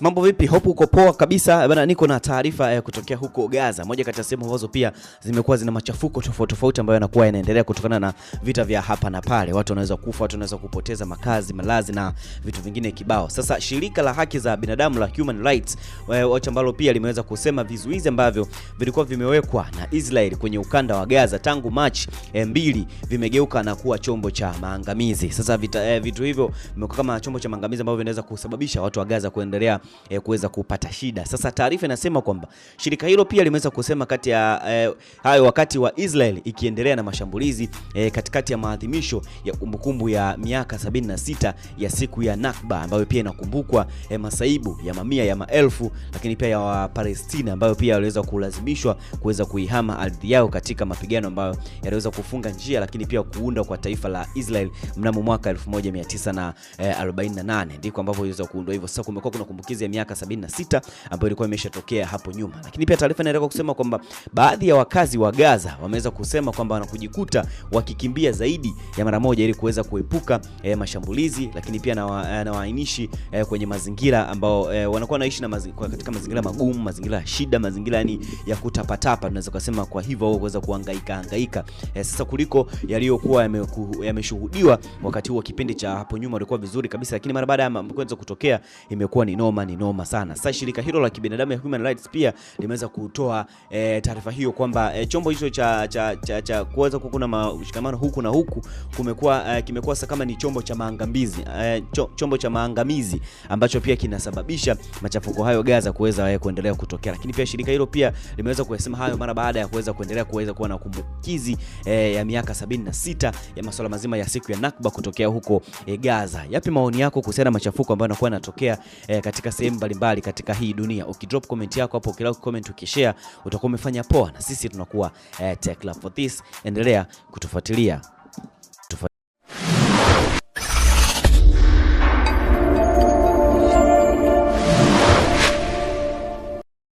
mambo vipi? Hope uko poa kabisa. Bana, niko na taarifa eh, kutokea huko Gaza, moja kati ya sehemu ambazo pia zimekuwa zina machafuko tofauti tofauti ambayo yanakuwa yanaendelea kutokana na vita vya hapa na pale. Watu wanaweza kufa, watu wanaweza kupoteza makazi, malazi na vitu vingine kibao. Sasa shirika la haki za binadamu la Human Rights eh, wacho ambalo pia limeweza kusema vizuizi ambavyo vilikuwa vimewekwa na Israel kwenye ukanda wa Gaza tangu Machi eh, 2 vimegeuka na kuwa chombo cha maangamizi. Sasa vita, eh, vitu hivyo vimekuwa kama chombo cha maangamizi ambavyo vinaweza kusababisha watu wa Gaza kuendelea eh, kuweza kupata shida. Sasa taarifa inasema kwamba shirika hilo pia limeweza kusema kati ya eh, hayo wakati wa Israel ikiendelea na mashambulizi eh, katikati ya maadhimisho ya kumbukumbu ya miaka 76 ya siku ya Nakba ambayo pia inakumbukwa eh, masaibu ya mamia ya maelfu lakini pia ya Wapalestina ambayo pia waliweza kulazimishwa kuweza kuihama ardhi yao katika mapigano ambayo yaliweza kufunga njia lakini pia kuunda kwa taifa la Israel mnamo mwaka 1948 eh, ndiko ambapo iliweza kuundwa hivyo. Sasa kumekuwa kuna kumbukizi maombolezo ya miaka 76 ambayo ilikuwa imeshatokea hapo nyuma. Lakini pia taarifa inaeleza kusema kwamba baadhi ya wakazi wa Gaza wameweza kusema kwamba wanakujikuta wakikimbia zaidi ya mara moja ili kuweza kuepuka e, mashambulizi, lakini pia na, wa, eh, wainishi e, eh, kwenye mazingira ambao e, wanakuwa naishi na mazi, katika mazingira magumu, mazingira ya shida, mazingira yani ya kutapatapa, tunaweza kusema kwa hivyo wao kuweza kuhangaika hangaika e, sasa kuliko yaliyokuwa yameshuhudiwa yame wakati huo, kipindi cha hapo nyuma ulikuwa vizuri kabisa, lakini mara baada ya kuweza kutokea imekuwa ni noma ni noma sana. Sasa shirika hilo la kibinadamu ya Human Rights pia limeweza kutoa e, taarifa hiyo kwamba e, chombo hicho cha, cha, cha, cha kuweza kukuna mashikamano huku na huku kumekuwa e, kimekuwa sasa kama ni chombo cha maangamizi e, cho, chombo cha maangamizi ambacho pia kinasababisha machafuko hayo Gaza kuweza e, kuendelea kutokea, lakini pia shirika hilo pia limeweza kuyasema hayo mara baada ya kuweza kuendelea kuweza kuwa na kumbukizi e, ya miaka 76 ya masuala mazima ya siku ya Nakba kutokea huko e, Gaza. Yapi maoni yako kuhusiana na machafuko ambayo yanakuwa yanatokea e, katika sehemu mbalimbali katika hii dunia. Ukidrop comment yako hapo, kila comment, ukishare, utakuwa umefanya poa, na sisi tunakuwa eh, Tech Club for this. Endelea kutufuatilia.